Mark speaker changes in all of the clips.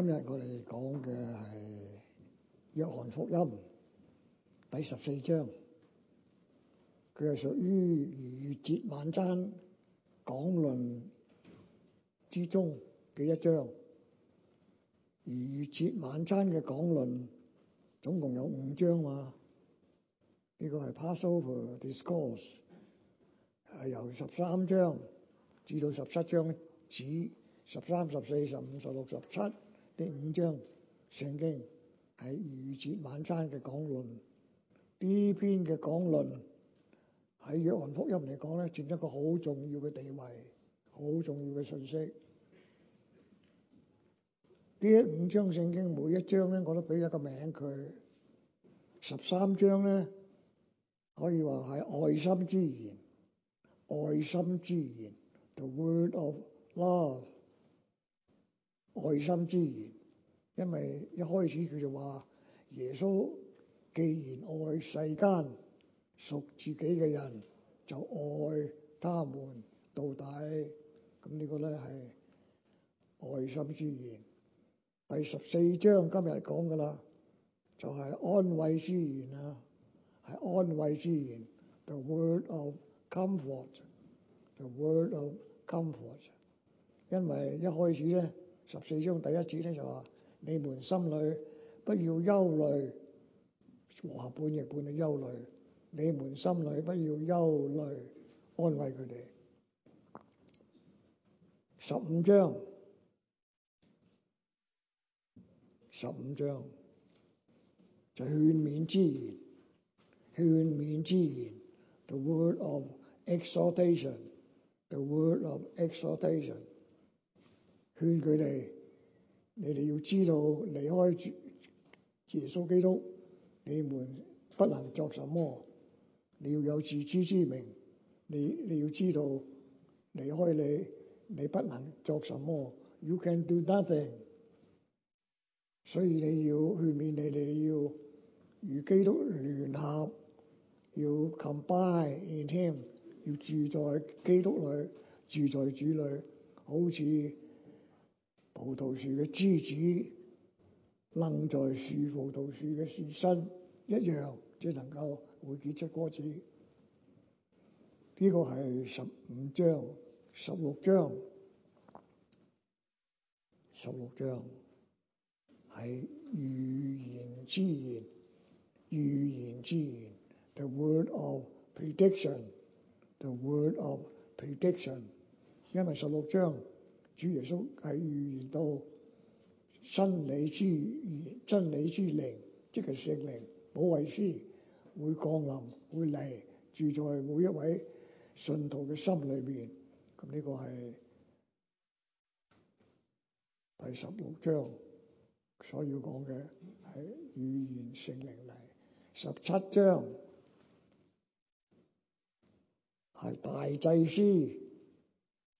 Speaker 1: 今日我哋講嘅係《約翰福音》第十四章，佢係屬於逾越節晚餐講論之中嘅一章。逾越節晚餐嘅講論總共有五章嘛，呢個係 Passover Discourse 係由十三章至到十七章，指十三、十四、十五、十六、十七。第五章聖經係逾越晚餐嘅講論，呢篇嘅講論喺約翰福音嚟講咧，佔一個好重要嘅地位，好重要嘅信息。呢五章聖經每一章咧，我都俾一個名佢。十三章咧，可以話係愛心之言，愛心之言，the word of love，愛心之言。因為一開始佢就話，耶穌既然愛世間屬自己嘅人，就愛他們到底。咁、這、呢個咧係愛心之源。第十四章今日講嘅啦，就係、是、安慰之源啊，係安慰之源 The word of comfort, the word of comfort。因為一開始咧，十四章第一節咧就話。你們心裏不要憂慮，和合本亦伴佢憂慮。你們心裏不要憂慮，安慰佢哋。十五章，十五章就勸勉之言，勸勉之言，the word of exhortation，the word of exhortation，勸佢哋。你哋要知道離開耶穌基督，你們不能作什麼。你要有自知之明。你你要知道離開你，你不能作什麼。You can do nothing。所以你要勸勉，勉你哋要與基督聯合，要 combine in him，要住在基督裏，住在主裏，好似。葡萄樹嘅枝子楞在樹，葡萄樹嘅樹身一樣，即能夠會結出果子。呢個係十五章，十六章、十六章係預言之言，預言之言。The word of prediction，the word of prediction，因為十六章。主耶穌喺預言到真理之言、真理之靈，即係聖靈，保惠師，會降臨、會嚟住在每一位信徒嘅心裏面。咁、這、呢個係第十六章所要講嘅，係預言聖靈嚟。十七章係大祭司。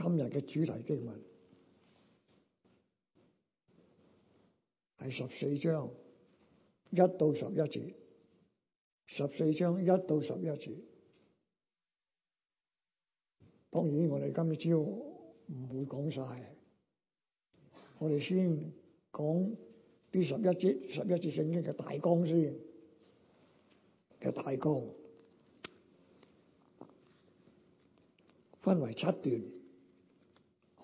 Speaker 1: 今日嘅主題經文係十四章一到十一節，十四章一到十一節。當然，我，我哋今朝唔會講晒，我哋先講啲十一節十一節聖經嘅大綱先，嘅大綱分為七段。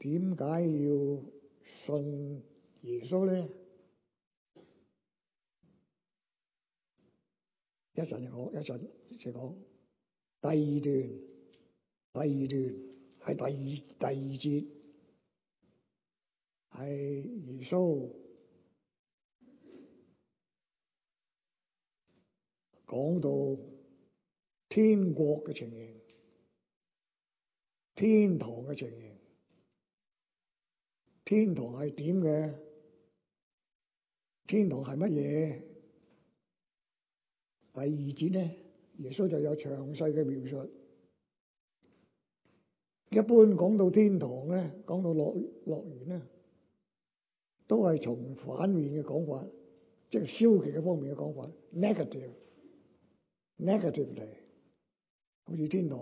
Speaker 1: 點解要信耶穌咧？一陣就講，一陣就講。第二段，第二段係第二第二節，係耶穌講到天國嘅情形，天堂嘅情形。天堂係點嘅？天堂係乜嘢？第二節呢？耶穌就有詳細嘅描述。一般講到天堂咧，講到樂樂園咧，都係從反面嘅講法，即係消極嘅方面嘅講法，negative，negatively，好似天堂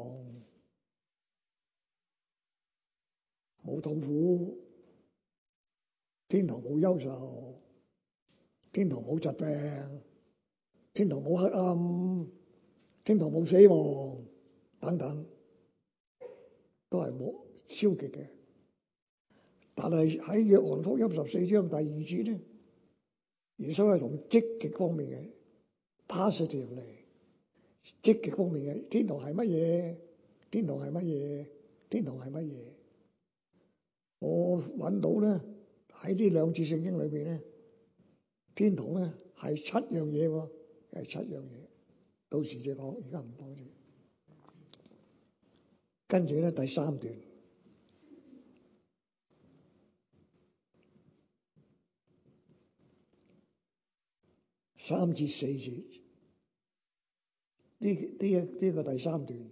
Speaker 1: 冇痛苦。天堂冇憂愁，天堂冇疾病，天堂冇黑暗，天堂冇死亡，等等，都係冇消極嘅。但係喺約翰福音十四章第二節咧，耶穌係同積極方面嘅 positive 嚟，積極方面嘅天堂係乜嘢？天堂係乜嘢？天堂係乜嘢？我揾到咧。喺呢兩次聖經裏邊咧，天堂咧係七樣嘢，又係七樣嘢。到時再講，而家唔講先。跟住咧，第三段，三至四節，呢呢一呢個第三段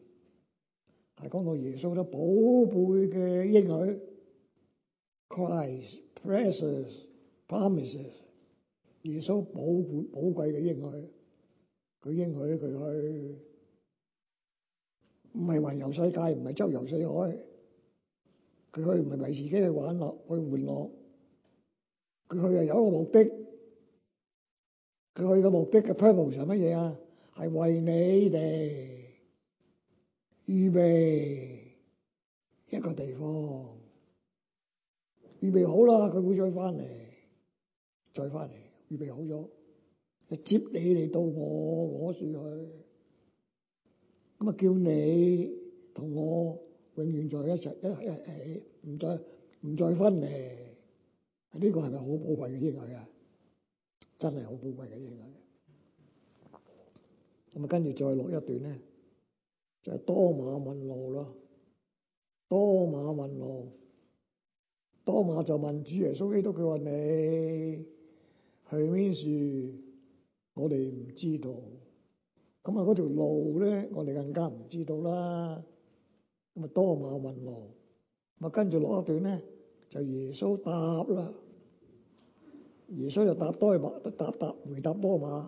Speaker 1: 係講到耶穌做寶貝嘅嬰女，Christ Praises promises 耶穌寶寶寶貴嘅應許，佢應許佢去，唔係環遊世界，唔係周遊四海，佢去唔係為自己去玩樂去玩樂，佢去又有一個目的，佢去嘅目的嘅 purpose 係乜嘢啊？係為你哋預備一個地方。預備好啦，佢會再翻嚟，再翻嚟，預備好咗，接你嚟到我我處去，咁啊叫你同我永遠在一齊，一一起，唔再唔再分離。呢個係咪好寶貴嘅應許啊？真係好寶貴嘅應許。咁啊，跟住再落一段咧，就係、係、多馬問路咯，多馬問路。多馬就問主耶穌基督：佢話你去邊處？我哋唔知道。咁啊，嗰條路咧，我哋更加唔知道啦。咁啊，多馬問路，咁啊，跟住落一段咧，就耶穌答啦。耶穌就答多馬：答答回答多馬，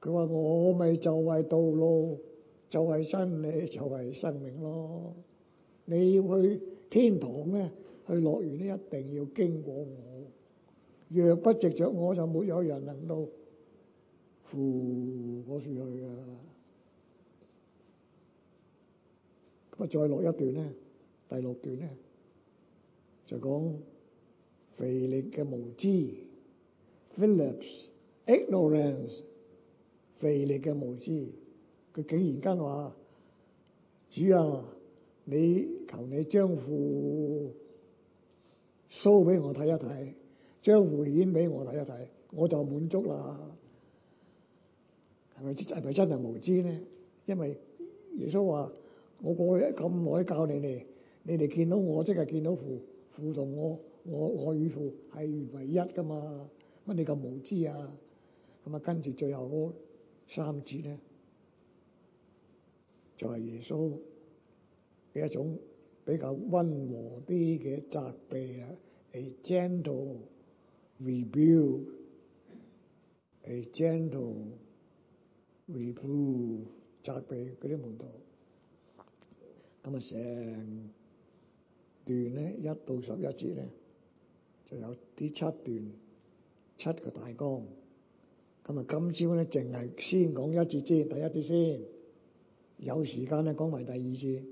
Speaker 1: 佢話我咪就係道路，就係真理，就係生命咯。你要去天堂咧？去樂園咧，一定要經過我。若不藉著我，就沒有,有人能到父嗰處去嘅。咁啊，再落一段咧，第六段咧就講腓力嘅無知，Phillips ignorance，腓力嘅無知，佢竟然間話：主啊，你求你將父 show 俾我睇一睇，將回應俾我睇一睇，我就滿足啦。係咪？係咪真係無知呢？因為耶穌話：我過去咁耐教你哋，你哋見到我即係見到父，父同我，我我與父係唯一噶嘛？乜你咁無知啊？咁啊，跟住最後三節呢，就係、是、耶穌嘅一種。比較溫和啲嘅責備啊，a gentle rebuke，a gentle reproof 責備嗰啲門徒。咁啊，成段咧一到十一節咧就有啲七段七個大綱。咁啊，今朝咧淨係先講一節啫，第一節先，有時間咧講埋第二節。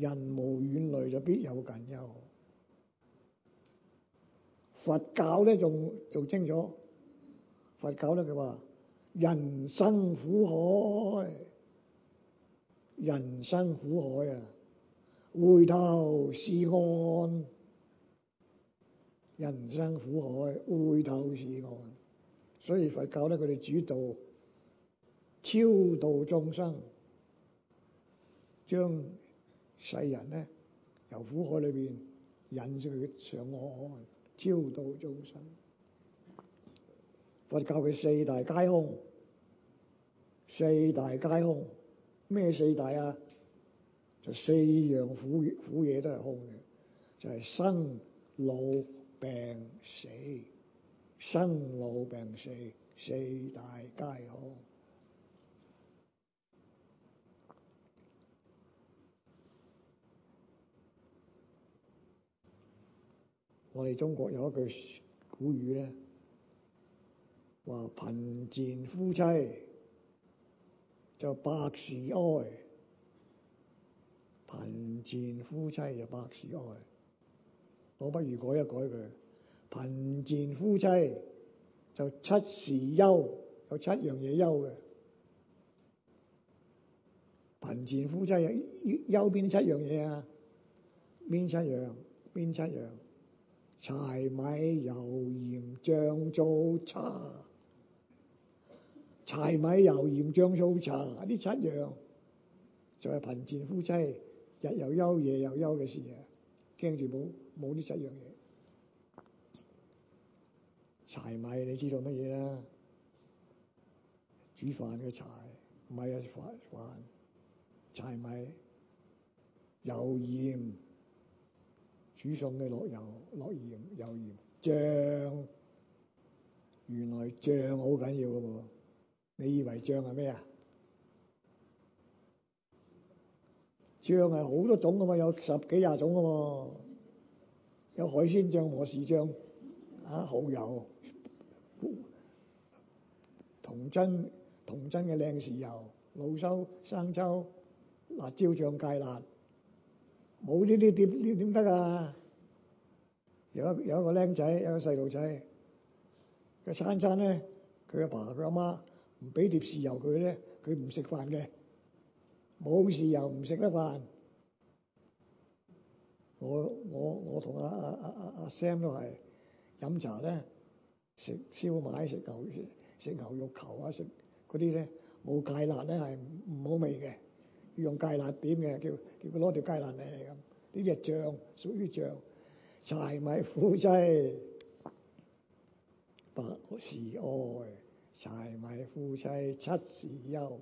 Speaker 1: 人無遠慮就必有近憂。佛教咧仲做清楚，佛教咧，佢話人生苦海，人生苦海啊，回頭是岸。人生苦海，回頭是岸。所以佛教咧佢哋主導超度眾生，將世人咧，由苦海裏邊引住佢上岸，超度眾生。佛教嘅四大皆空，四大皆空，咩四大啊？就四樣苦苦嘢都係空嘅，就係、是、生老病死，生老病死，四大皆空。我哋中國有一句古語咧，話貧賤夫妻就百事哀。貧賤夫妻就百事哀，我不如改一改佢。貧賤夫妻就七事憂，有七樣嘢憂嘅。貧賤夫妻有憂邊七樣嘢啊？邊七樣？邊七樣？柴米油鹽醬醋茶，柴米油鹽醬醋茶呢七樣，就係貧賤夫妻日又休夜又休嘅事啊！聽住冇冇呢七樣嘢，柴米你知道乜嘢啦？煮飯嘅柴，唔係呀，飯柴米油鹽。煮餸嘅落油落鹽，油鹽醬，原來醬好緊要㗎喎。你以為醬係咩啊？醬係好多種㗎嘛，有十幾廿種㗎喎。有海鮮醬、磨豉醬，嚇蠔油、同珍同珍嘅靚豉油、老抽、生抽、辣椒醬、芥辣。冇呢啲點點得啊！有一有一個僆仔，有一個細路仔，個餐餐咧，佢阿爸佢阿媽唔俾碟豉油佢咧，佢唔食飯嘅，冇豉油唔食得飯。我我我同阿阿阿阿 Sam 都係飲茶咧，食燒賣、食牛食牛肉球啊、食嗰啲咧，冇芥辣咧，係唔好味嘅。用芥辣點嘅，叫叫佢攞條芥辣嚟。咁呢隻醬屬於醬，柴米夫妻百是愛，柴米夫妻七時休；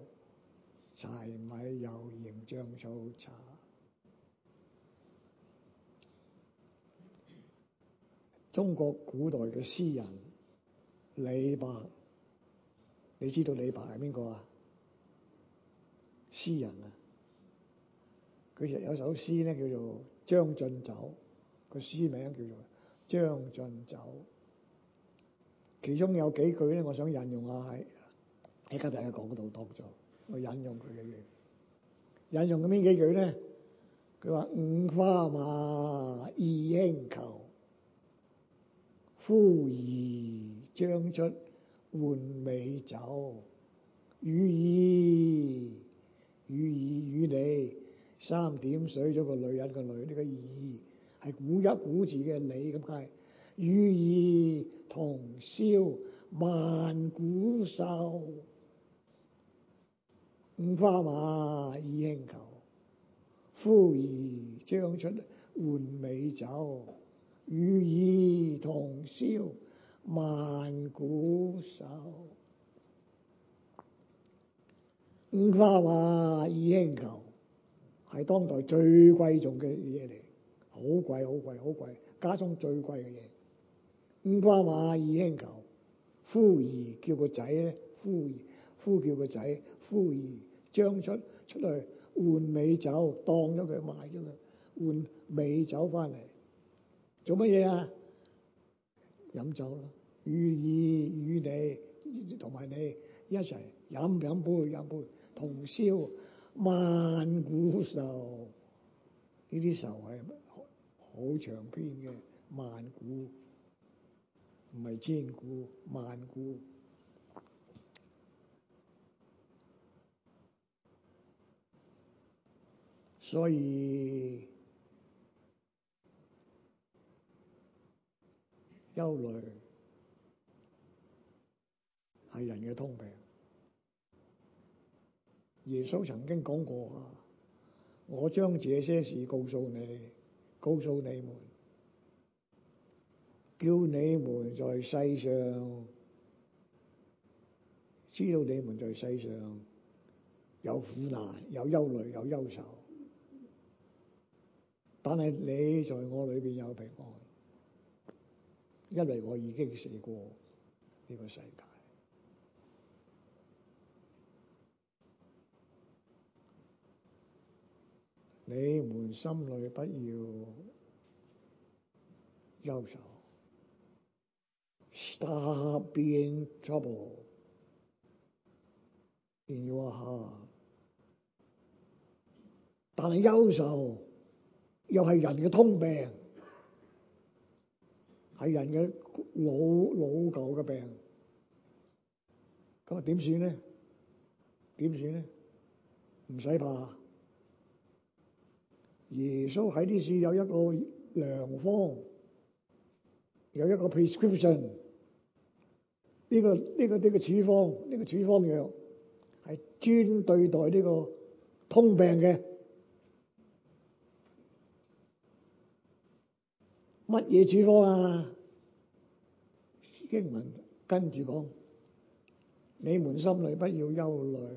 Speaker 1: 柴米油鹽醬醋、醋茶。中國古代嘅詩人李白，你知道李白係邊個啊？詩人啊？其實有有首詩咧，叫做《將進酒》，個詩名叫做《將進酒》。其中有幾句咧，我想引用下，喺而家大家講到多咗，我引用佢嘅嘢。引用咁邊幾句咧？佢話 五花馬，二輕裘。呼兒將出換美酒，與爾與爾與你。」三點水，咗個女人個女呢、這個二，係古一古字嘅你咁解，與爾同銷萬古愁，五花馬以求，一輕裘，呼兒將出換美酒，與爾同銷萬古愁，五花馬以求，一輕裘。係當代最貴重嘅嘢嚟，好貴好貴好貴，貴，家中最貴嘅嘢。五花馬，二輕裘，呼兒叫個仔咧，呼兒呼叫個仔，呼兒，兒，兒將出出嚟換美酒，當咗佢買咗佢換美酒翻嚟，做乜嘢啊？飲酒咯，與兒與你，同埋你一齊飲飲杯飲杯，同燒。萬古愁，呢啲愁係好長篇嘅，萬古唔係千古，萬古，所以憂慮係人嘅通病。耶穌曾經講過啊，我將這些事告訴你，告訴你們，叫你們在世上知道你們在世上有苦難、有憂慮、有憂愁，但係你在我裏邊有平安，因為我已經死過，呢個世界。你們心裏不要憂愁，Stop being trouble in your heart 但。但係憂愁又係人嘅通病，係人嘅老老舊嘅病。咁啊，點算呢？點算呢？唔使怕。耶穌喺呢處有一個良方，有一個 prescription，呢個呢個呢個處方，呢個處方藥係專對待呢個通病嘅。乜嘢處方啊？經文跟住講：你們心裏不要憂慮，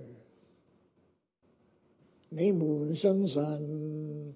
Speaker 1: 你們信神。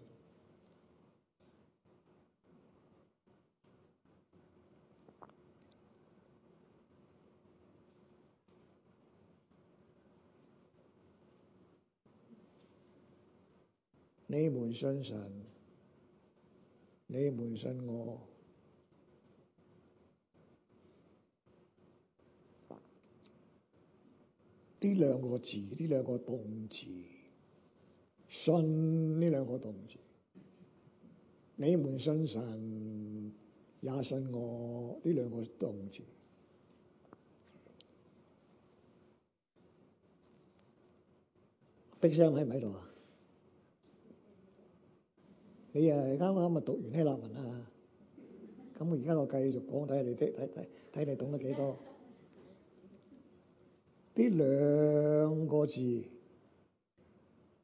Speaker 1: 你們信神，你們信我，呢兩個字，呢兩個動詞，信呢兩個動詞，你們信神也信我，呢兩個動詞。冰箱喺唔喺度啊？你啊啱啱，咪讀完希臘文啊，咁我而家我繼續講，睇下你睇睇睇你懂得幾多？呢兩個字，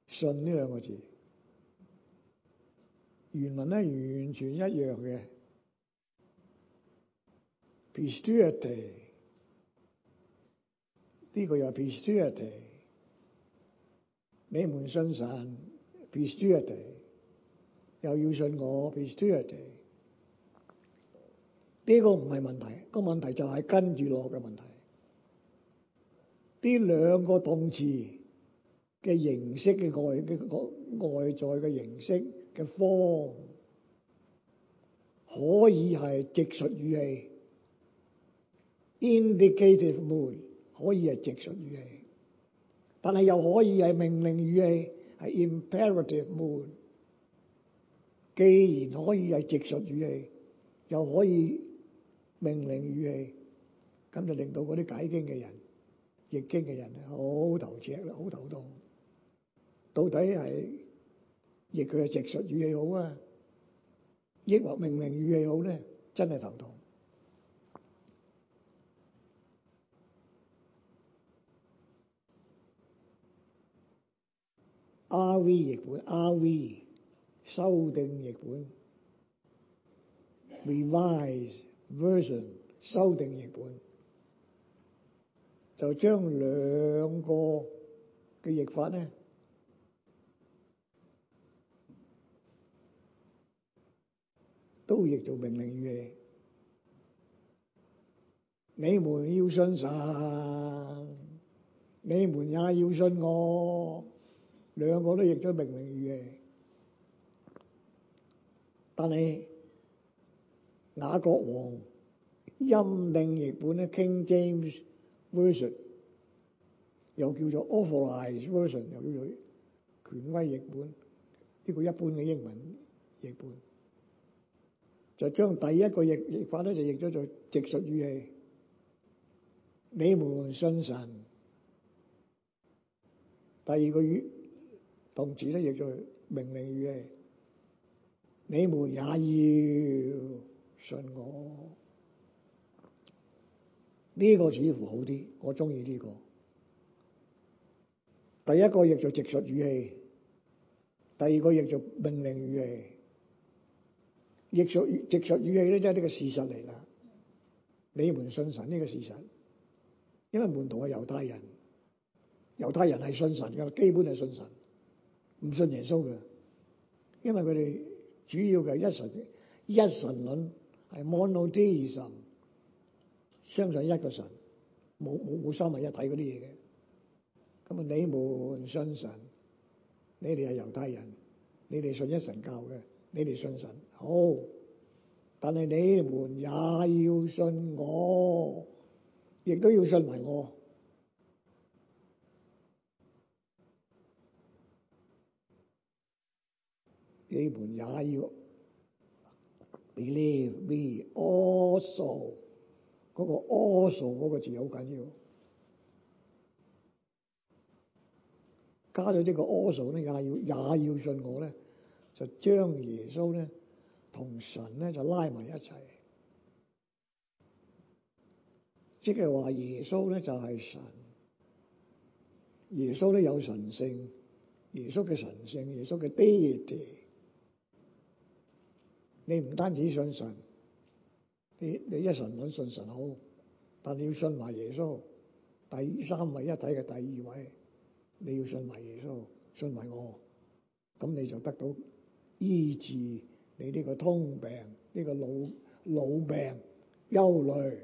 Speaker 1: 信呢兩個字，原文咧完全一樣嘅，pisteuete，e 呢、這個又係 pisteuete，你們信神，pisteuete e。又要信我，be true。呢個唔係問題，個問題就係跟住落嘅問題。呢兩個動詞嘅形式嘅外嘅外在嘅形式嘅方，form，可以係直述語氣 i n d i c a t i v e mood 可以係直述語氣，但係又可以係命令語氣，係 imperative mood。既然可以係直述語氣，又可以命令語氣，咁就令到嗰啲解經嘅人、譯經嘅人好頭赤啦，好頭痛。到底係譯佢嘅直述語氣好啊，抑或命令語氣好咧？真係頭痛。RV 亦唔 RV 修訂譯本，Revise version，修訂譯本就將兩個嘅譯法咧都譯做命令語，你們要信神，你們也要信我，兩個都譯咗命令語。但係雅各王欽定譯本咧，King James Version 又叫做 Authorized Version，又叫做權威譯本，呢、這個一般嘅英文譯本，就將第一個譯譯法咧，就譯咗做直述語氣。你們信神。第二個同明明語動詞咧，譯做命令語氣。你們也要信我，呢個似乎好啲，我中意呢個。第一個亦就直述語氣，第二個亦就命令語氣，直述直述語氣咧，即係呢個事實嚟啦。你們信神呢個事實，因為門徒係猶太人，猶太人係信神㗎，基本係信神，唔信耶穌㗎，因為佢哋。主要嘅一神一神論係 monotheism 相信一個神，冇冇冇三位一體啲嘢嘅。咁啊，你們信神，你哋係猶太人，你哋信一神教嘅，你哋信神好，但係你們也要信我，亦都要信埋我。你們也要 believe me，also。嗰個 also 嗰個字好緊要，加咗呢個 also 呢，也要也要信我咧，就將耶穌咧同神咧就拉埋一齊，即係話耶穌咧就係、是、神，耶穌咧有神性，耶穌嘅神性，耶穌嘅 deity。你唔單止信神，你你一神穩信神好，但你要信埋耶穌，第三位一體嘅第二位，你要信埋耶穌，信埋我，咁你就得到醫治你呢個通病，呢、這個老老病、憂慮、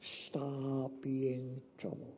Speaker 1: stop being troubled。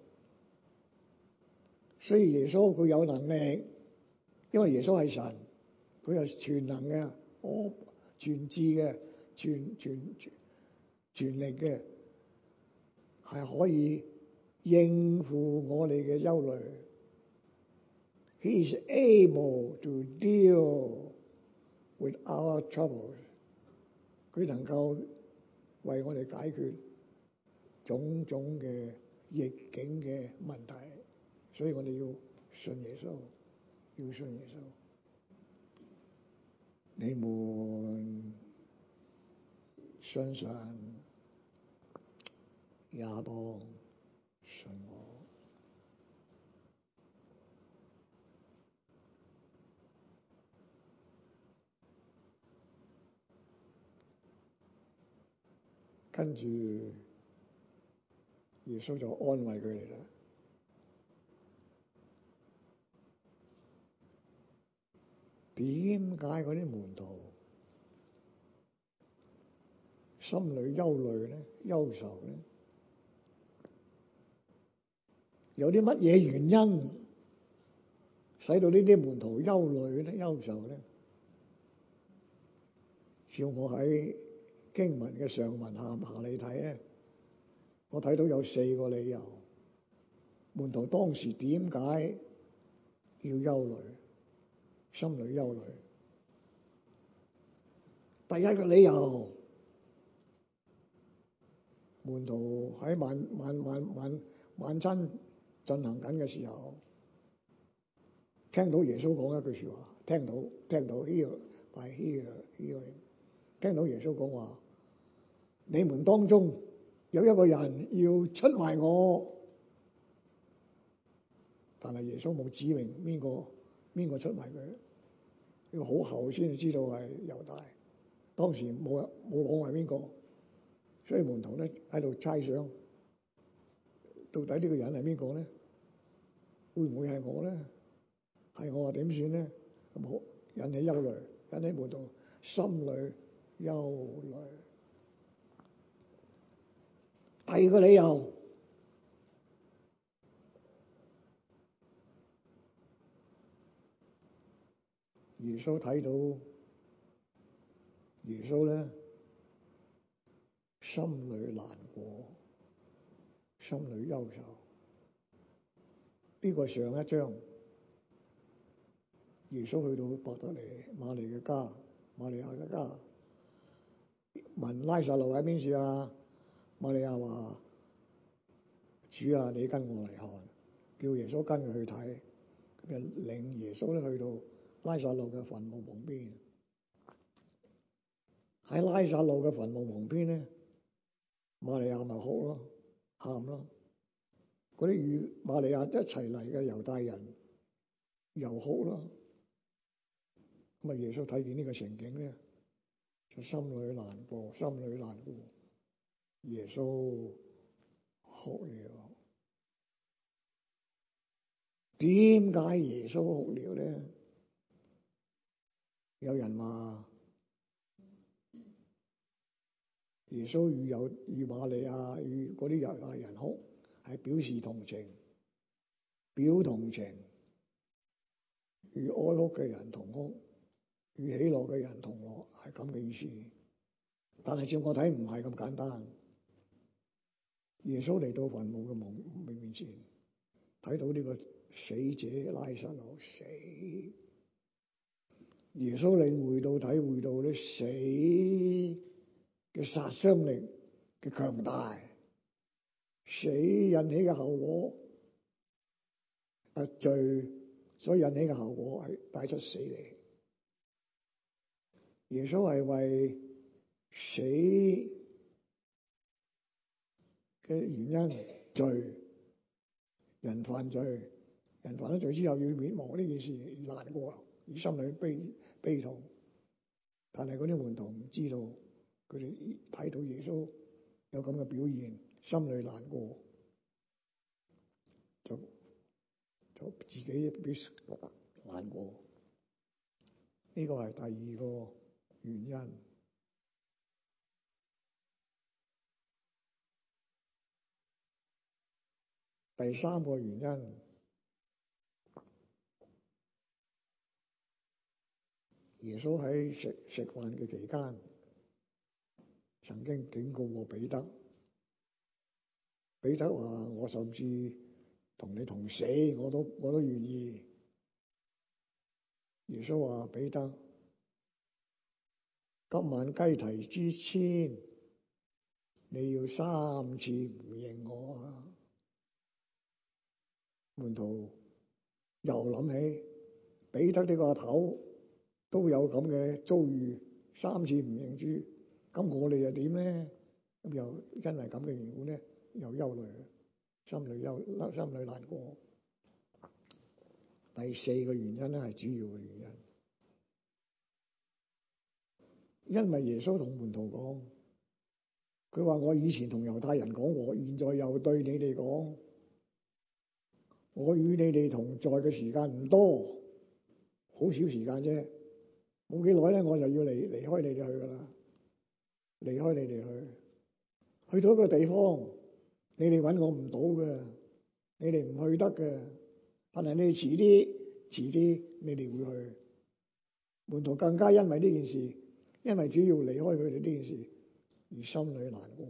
Speaker 1: 所以耶穌佢有能力，因為耶穌係神，佢係全能嘅，我全智嘅，全全全全力嘅，係可以應付我哋嘅憂慮。He is able to deal with our troubles。佢能夠為我哋解決種種嘅逆境嘅問題。所以我哋要信耶穌，要信耶穌。你們相信亞當，信我。跟住，耶穌就安慰佢哋啦。點解嗰啲門徒心裏憂慮咧、憂愁咧？有啲乜嘢原因使到呢啲門徒憂慮咧、憂愁咧？照我喺經文嘅上文下下嚟睇咧，我睇到有四個理由，門徒當時點解要憂慮？心裏憂慮。第一個理由，門徒喺晚晚晚晚晚餐進行緊嘅時候，聽到耶穌講一句說話，聽到聽到呢個啊呢個呢個，聽到，here, here, here, 聽到耶穌講話，你們當中有一個人要出賣我，但係耶穌冇指明邊個邊個出賣佢。要好後先知道係猶大，當時冇冇講係邊個，所以門徒咧喺度猜想，到底呢個人係邊個咧？會唔會係我呢？係我啊，點算咧？咁引起憂慮，引起無道，心裏憂慮。第二個理由。耶穌睇到耶穌咧，心裏難過，心裏憂愁。呢、這個上一章，耶穌去到伯大尼瑪利嘅家，瑪利亞嘅家，問拉撒路喺邊處啊？瑪利亞話：主啊，你跟我嚟看，叫耶穌跟佢去睇。佢就領耶穌去到。拉撒路嘅墳墓旁邊，喺拉撒路嘅墳墓旁邊咧，瑪利亞咪哭咯，喊咯，嗰啲與瑪利亞一齊嚟嘅猶太人又哭咯，咁啊耶穌睇見呢個情景咧，就心裏難過，心裏難過。耶穌哭了，點解耶穌哭了咧？有人話耶穌與有與瑪利亞與嗰啲猶太人哭係表示同情，表同情，與哀哭嘅人同哭，與喜樂嘅人同樂，係咁嘅意思。但係照我睇唔係咁簡單。耶穌嚟到墳墓嘅墓墓面前，睇到呢個死者拉撒路死。耶穌領會到，體會到咧，死嘅殺傷力嘅強大，死引起嘅後果，誒、啊、罪，所以引起嘅後果係帶出死嚟。耶穌係為死嘅原因，罪，人犯罪，人犯咗罪之後要滅亡，呢件事難過，以心裏悲，悲痛，但係啲門徒唔知道，佢哋睇到耶穌有咁嘅表現，心裏難過，就就自己比較難過。呢個係第二個原因，第三個原因。耶穌喺食食飯嘅期間，曾經警告過彼得。彼得話：我甚至同你同死，我都我都願意。耶穌話：彼得，今晚雞啼之前，你要三次唔認我啊！門徒又諗起彼得呢個阿頭。都有咁嘅遭遇，三次唔認主，咁我哋又點咧？咁又因為咁嘅緣故咧，又憂慮，心裏憂，心裏難過。第四個原因咧係主要嘅原因，因為耶穌同門徒講，佢話我以前同猶太人講我，現在又對你哋講，我與你哋同在嘅時間唔多，好少時間啫。冇幾耐咧，我就要離離開你哋去噶啦，離開你哋去，去到一個地方，你哋搵我唔到嘅，你哋唔去得嘅，但係你哋遲啲，遲啲你哋會去。門徒更加因為呢件事，因為主要離開佢哋呢件事而心裏難過，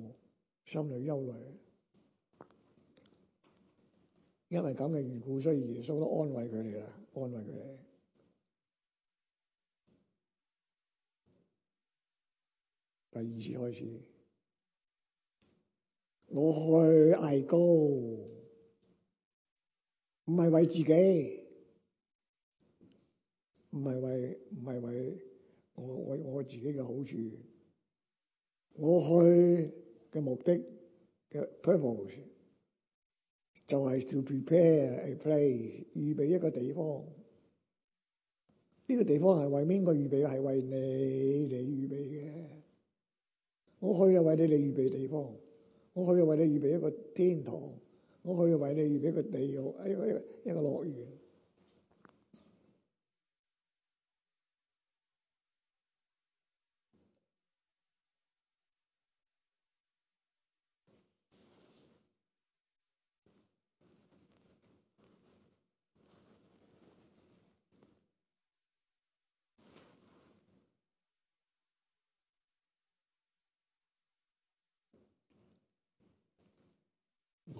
Speaker 1: 心裏憂慮。因為咁嘅緣故，所以耶穌都安慰佢哋啦，安慰佢哋。第二次開始，我去 I go，唔係為自己，唔係為唔係為我我我自己嘅好處。我去嘅目的嘅 purpose 就係 to prepare a place，預備一個地方。呢個地方係為邊個預備？係為你嚟預備嘅。我可以為你哋預備地方；我可以為你預備一個天堂；我可以為你預備一個地獄，一個一個，一個樂園。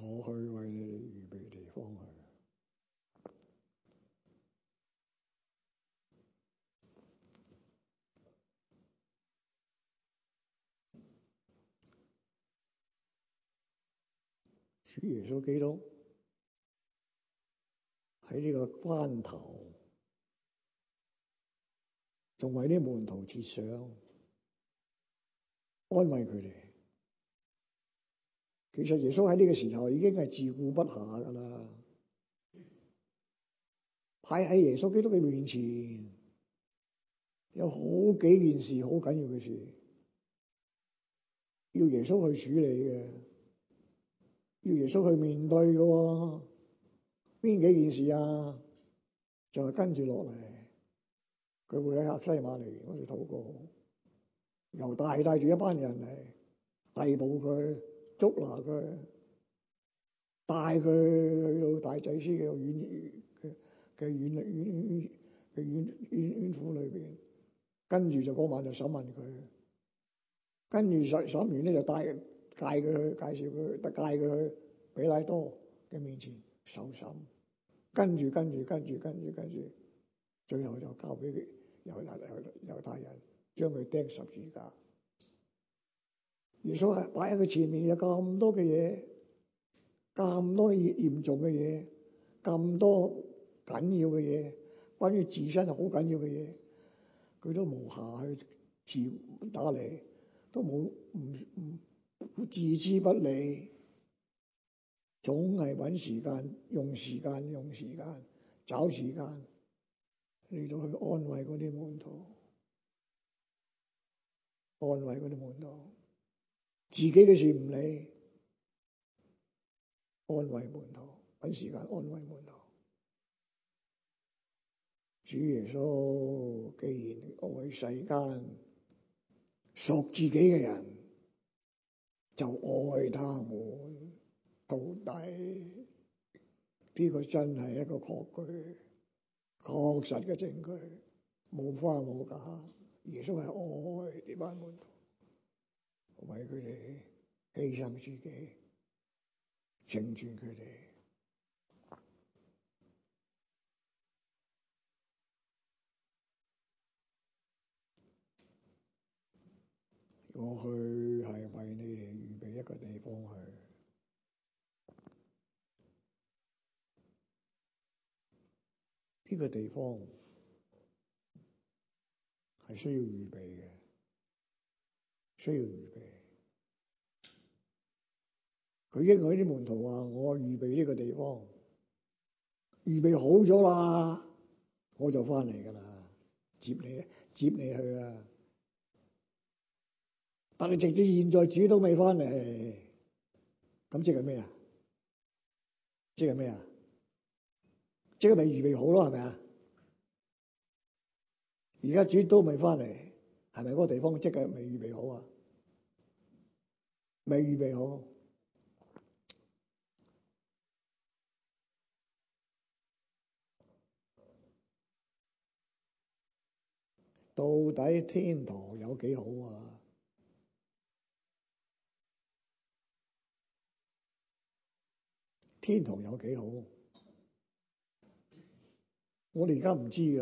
Speaker 1: 我去為你哋預備地方去。主耶穌基督喺呢個關頭仲為啲門徒設想，安慰佢哋。其實耶穌喺呢個時候已經係自顧不暇噶啦，派喺耶穌基督嘅面前，有好幾件事好緊要嘅事，要耶穌去處理嘅，要耶穌去面對嘅，邊幾件事啊？就係、是、跟住落嚟，佢會喺客西馬尼嗰度禱告，猶大帶住一班人嚟逮捕佢。捉拿佢，帶佢去到大祭司嘅院嘅嘅院院，院，院，院院嘅院，院院院府裏邊，跟住就嗰晚就審問佢，跟住審審完咧就帶帶佢去介紹佢，帶佢去彼拉多嘅面前受審，跟住跟住跟住跟住跟住，最後就交俾猶太猶猶太人將佢釘十字架。耶穌係擺喺佢前面有，有咁多嘅嘢，咁多越嚴重嘅嘢，咁多緊要嘅嘢，關於自身係好緊要嘅嘢，佢都無暇去自打理，都冇唔唔好置之不理，總係揾時間用時間用時間找時間嚟到去安慰嗰啲門徒，安慰嗰啲門徒。自己嘅事唔理，安慰門徒，搵時間安慰門徒。主耶穌既然愛世間屬自己嘅人，就愛他們到底。呢個真係一個確據，確實嘅證據，冇花冇假。耶穌係愛呢班門徒。為佢哋犧牲自己，拯救佢哋。我去係為你哋預備一個地方去，呢、這個地方係需要預備嘅，需要預備。佢應佢啲門徒話：我預備呢個地方，預備好咗啦，我就翻嚟噶啦，接你，接你去啊！但係直至現在，主都未翻嚟，咁即係咩啊？即係咩啊？即係未預備好咯，係咪啊？而家主都未翻嚟，係咪嗰個地方即係未預備好啊？未預備好。到底天堂有幾好啊？天堂有幾好？我哋而家唔知啊。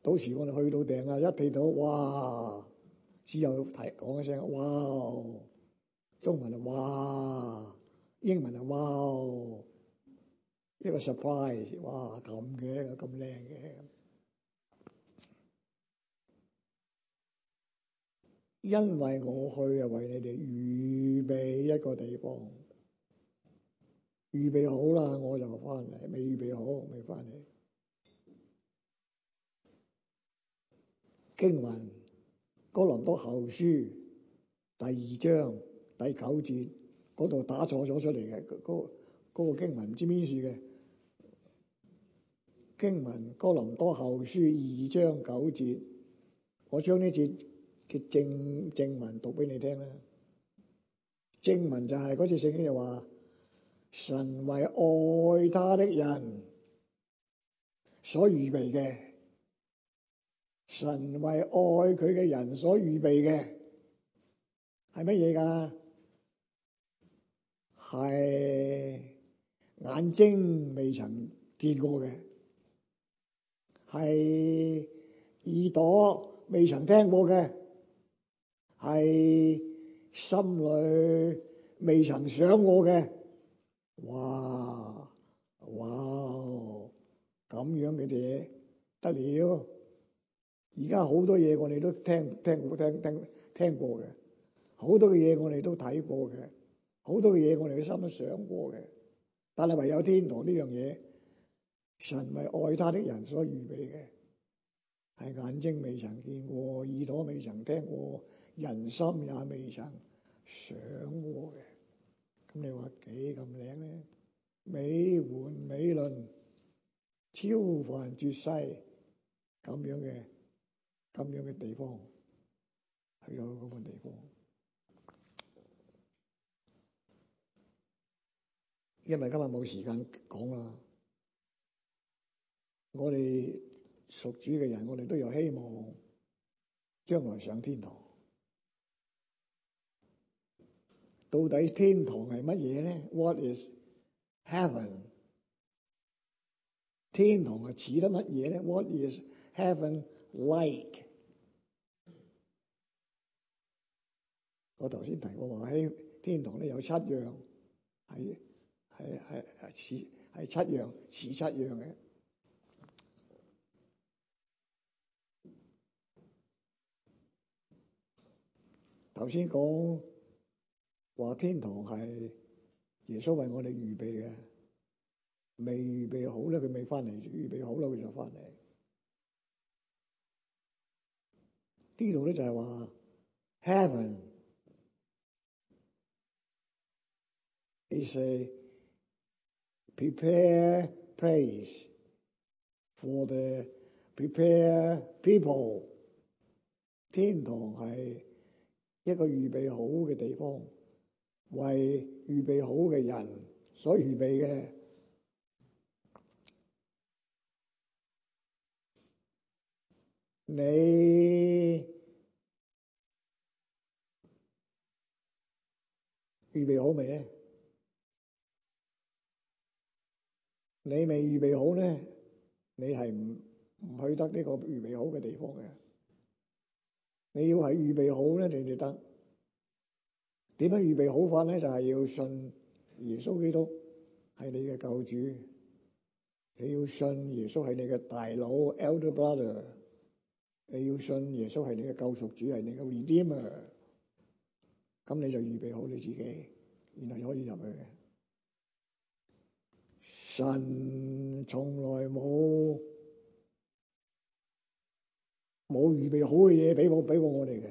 Speaker 1: 到時我哋去到定啊，一睇到哇，只有提講一聲哇，中文啊哇，英文啊哇，一個 surprise 哇，咁嘅咁靚嘅。因為我去啊，為你哋預備一個地方，預備好啦，我就翻嚟；未預備好，未翻嚟。經文《哥林多後書》第二章第九節，嗰度打錯咗出嚟嘅，嗰、嗰、嗰、個嗰個經文唔知邊處嘅。經文《哥林多後書》二章九節，我將呢節。嘅正正文讀俾你聽啦。正文就係、是、嗰次聖經就話，神為愛他的人所預備嘅，神為愛佢嘅人所預備嘅，係乜嘢㗎？係眼睛未曾見過嘅，係耳朵未曾聽過嘅。係心裏未曾想過嘅，哇哇，咁樣嘅嘢得了。而家好多嘢我哋都聽聽聽聽聽過嘅，好多嘅嘢我哋都睇過嘅，好多嘅嘢我哋嘅心都想過嘅，但係唯有天堂呢樣嘢，神係愛他的人所預備嘅，係眼睛未曾見過，耳朵未曾聽過。人心也未曾想過嘅，咁你話幾咁靚咧？美輪美奐、超凡絕世咁樣嘅，咁樣嘅地方，去到嗰個地方，因為今日冇時間講喇！我哋屬主嘅人，我哋都有希望將來上天堂。到底天堂係乜嘢咧？What is heaven？天堂係似得乜嘢咧？What is heaven like？我頭先提過話，喺天堂咧有七樣，係係係係似係七樣似七樣嘅。頭先講。話天堂係耶穌為我哋預備嘅，未預備好咧，佢未翻嚟；預備好啦，佢就翻嚟。呢度咧就係話，Heaven is a prepared place for the prepared people。天堂係一個預備好嘅地方。為預備好嘅人所預備嘅，你預備好未咧？你未預備好咧，你係唔唔去得呢個預備好嘅地方嘅。你要係預備好咧，你就得。點樣預備好法咧？就係要信耶穌基督係你嘅救主，你要信耶穌係你嘅大佬 elder brother，你要信耶穌係你嘅救贖主係你嘅 redeemer，咁你就預備好你自己，然後就可以入去。神從來冇冇預備好嘅嘢，俾我俾過我哋嘅。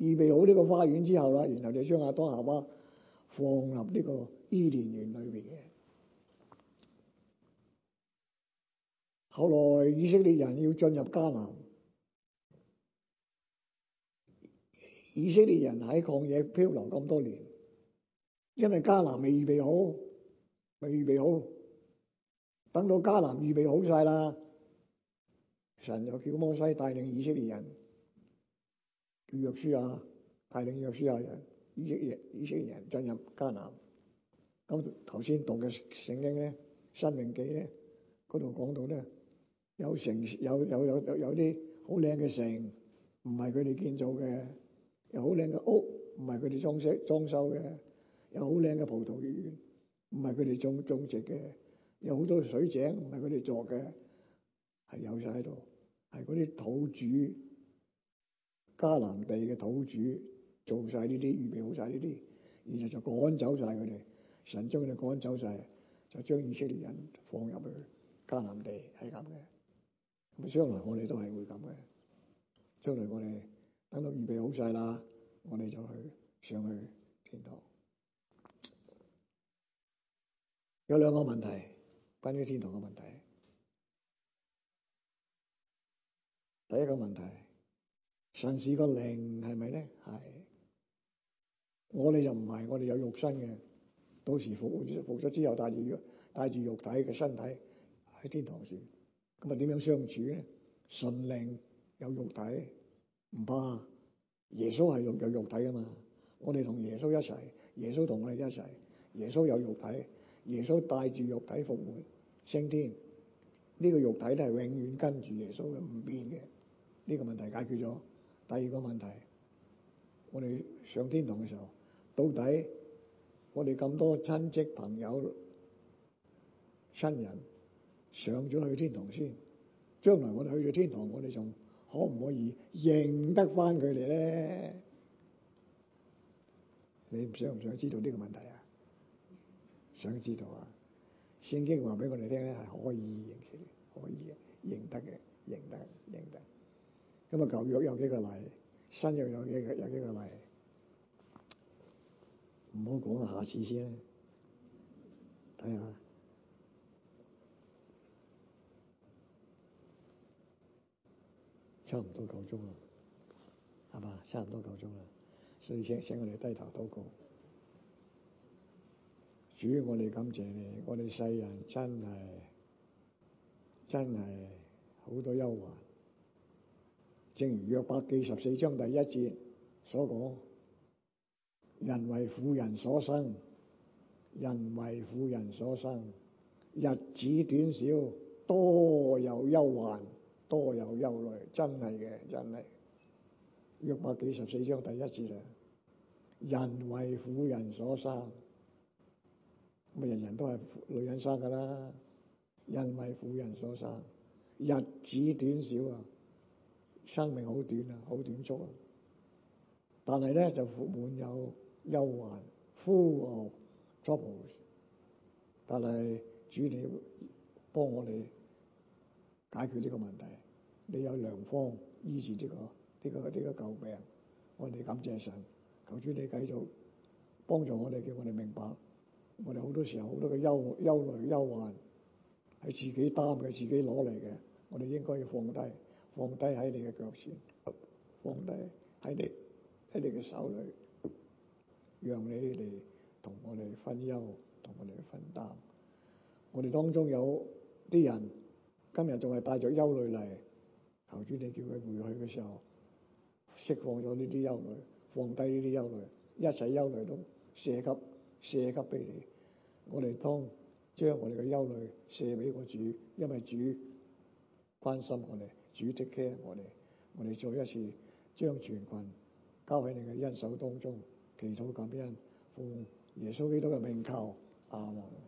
Speaker 1: 預備好呢個花園之後啦，然後就將阿當夏娃放入呢個伊甸園裏邊嘅。後來以色列人要進入迦南，以色列人喺曠野漂流咁多年，因為迦南未預備好，未預備好，等到迦南預備好晒啦，神又叫摩西帶領以色列人。叫約書亞、啊，帶領約書亞、啊、人以色列以色列人進入迦南。咁頭先讀嘅聖經咧，呢《申命記》咧，嗰度講到咧，有城有有有有啲好靚嘅城，唔係佢哋建造嘅；有好靚嘅屋，唔係佢哋裝飾裝修嘅；有好靚嘅葡萄園，唔係佢哋種種植嘅；有好多水井，唔係佢哋作嘅。係有晒喺度，係嗰啲土主。迦南地嘅土主做晒呢啲，預備好晒呢啲，然後就趕走晒佢哋，神將佢哋趕走晒，就將以色列人放入去迦南地，係咁嘅。咁將來我哋都係會咁嘅，將來我哋等到預備好晒啦，我哋就去上去天堂。有兩個問題，關於天堂嘅問題。第一個問題。神係個靈，係咪咧？係。我哋就唔係，我哋有肉身嘅。到時復復咗之後帶，帶住肉帶住肉體嘅身體喺天堂住，咁啊點樣相處咧？神靈有肉體，唔怕。耶穌係有有肉體㗎嘛？我哋同耶穌一齊，耶穌同我哋一齊。耶穌有肉體，耶穌帶住肉體復活升天。呢個肉體都係永遠跟住耶穌嘅唔變嘅。呢個問題解決咗。第二個問題，我哋上天堂嘅時候，到底我哋咁多親戚朋友親人上咗去天堂先，將來我哋去咗天堂，我哋仲可唔可以認得翻佢哋咧？你唔想唔想知道呢個問題啊？想知道啊？聖經話俾我哋聽咧，係可以認識嘅，可以嘅，認得嘅，認得，認得。咁啊！舊約有幾個例，新約有幾個有幾個例，唔好講啦，下次先啦。睇下，差唔多夠鐘啦，係嘛？差唔多夠鐘啦，所以請請我哋低頭禱告。主要我哋感謝你，我哋世人真係真係好多憂患。正如約伯記十四章第一節所講，人為婦人所生，人為婦人所生，日子短少，多有憂患，多有憂慮，真係嘅，真係約伯記十四章第一節啊，「人為婦人所生，人人都係女人生噶啦，人為婦人所生，日子短少啊。生命好短啊，好短促啊！但係咧就滿有憂患，full of troubles。但係主你幫我哋解決呢個問題，你有良方醫治呢個呢個呢個救命，我哋感謝神，求主你繼續幫助我哋，叫我哋明白，我哋好多時候好多嘅憂憂慮、憂患係自己擔嘅、自己攞嚟嘅，我哋應該要放低。放低喺你嘅腳前，放低喺你喺你嘅手裏，讓你哋同我哋分憂，同我哋分擔。我哋當中有啲人今日仲係帶咗憂慮嚟，求主你叫佢回去嘅時候，釋放咗呢啲憂慮，放低呢啲憂慮，一切憂慮都卸給卸給俾你。我哋當將我哋嘅憂慮卸俾個主，因為主關心我哋。主席嘅，我哋我哋再一次，將全群交喺你嘅恩手當中，祈禱感恩，奉耶穌基督嘅名求，阿門。